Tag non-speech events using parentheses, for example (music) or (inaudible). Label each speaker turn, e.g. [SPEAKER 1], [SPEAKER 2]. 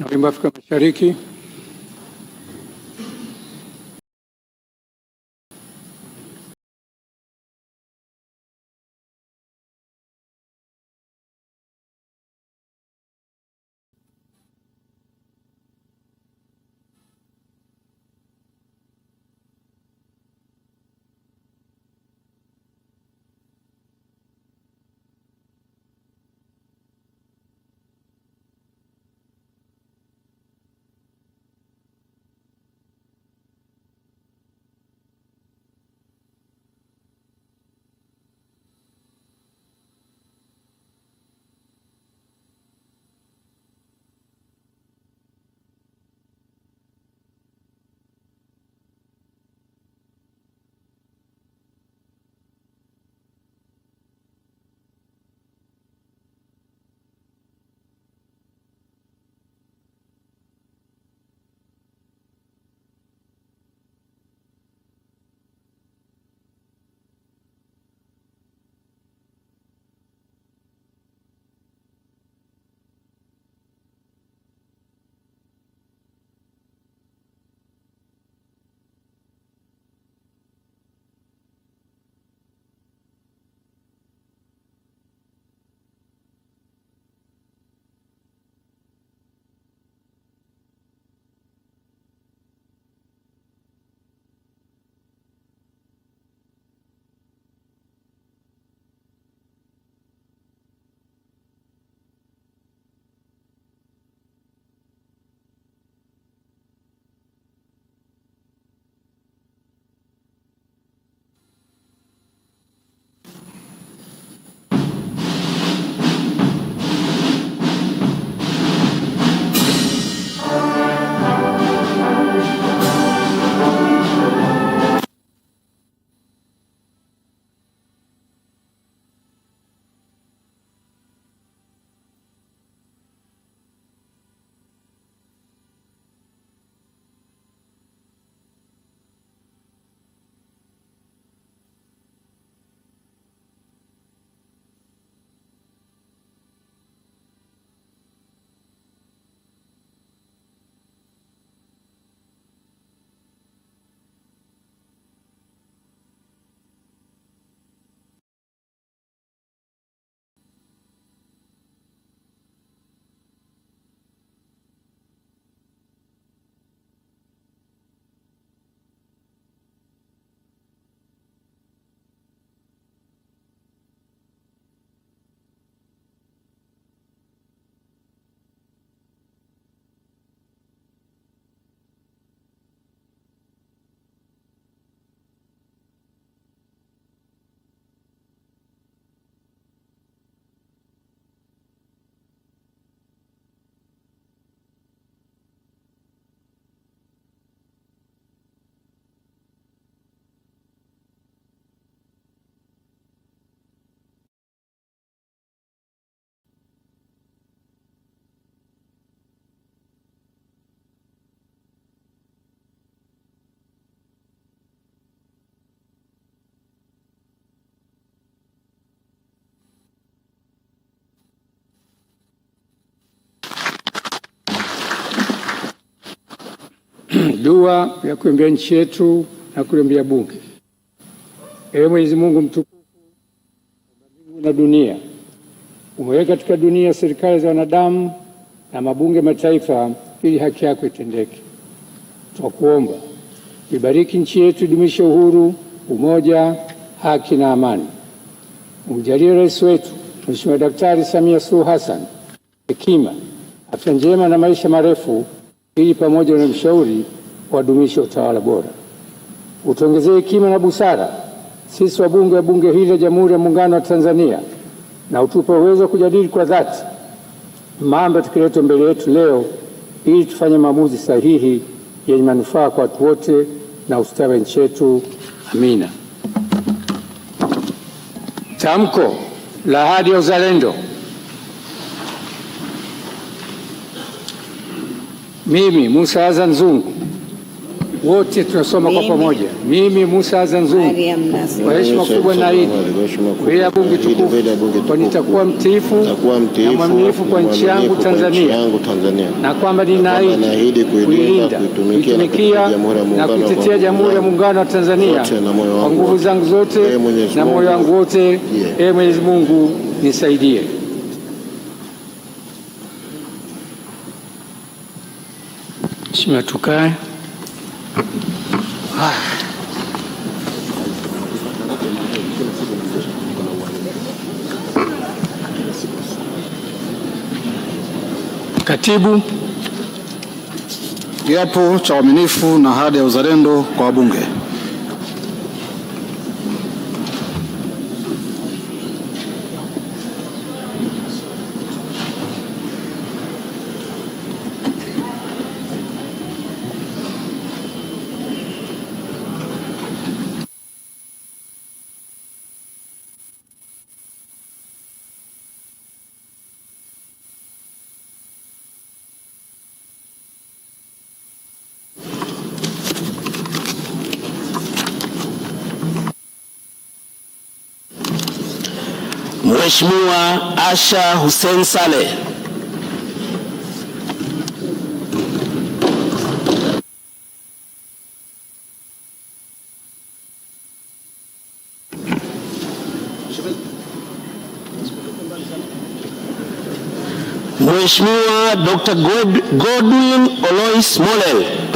[SPEAKER 1] na Wimbo Afrika Mashariki. (clears throat) dua ya kuombea nchi yetu na kuliombea bunge. Ewe Mwenyezi Mungu mtukufu mbingu na dunia, umeweka katika dunia serikali za wanadamu na mabunge mataifa, ili haki yako itendeke. Twakuomba ibariki nchi yetu, idumishe uhuru, umoja, haki na amani. Umjalie rais wetu Mheshimiwa Daktari Samia Suluhu Hassan hekima, afya njema na maisha marefu ili pamoja na mshauri wadumishe utawala bora. Utuongezee hekima na busara sisi wabunge wa bunge hili la Jamhuri ya Muungano wa Tanzania, na utupe uwezo wa kujadili kwa dhati mambo tukiletwa mbele yetu leo, ili tufanye maamuzi sahihi yenye manufaa kwa watu wote na ustawi wa nchi yetu.
[SPEAKER 2] Amina. Tamko la ahadi ya uzalendo Mimi Musa Azan Zungu, wote tunasoma kwa pamoja. Mimi Musa Azan Zungu, kwa heshima kubwa naahidi mbele ya bunge tukufu kwa nitakuwa mtiifu na mwaminifu kwa nchi yangu Tanzania, na kwamba ninaahidi kuilinda, kuitumikia na kuitetea Jamhuri ya Muungano wa Tanzania kwa nguvu zangu zote na moyo ee wangu wote. Ee Mwenyezi Mungu nisaidie.
[SPEAKER 3] Mheshimiwa, tukae. Katibu, kiapo cha uaminifu na ahadi ya uzalendo kwa wabunge.
[SPEAKER 4] Mheshimiwa Asha Hussein Saleh. Mheshimiwa Dr. Godwin Olois Molel.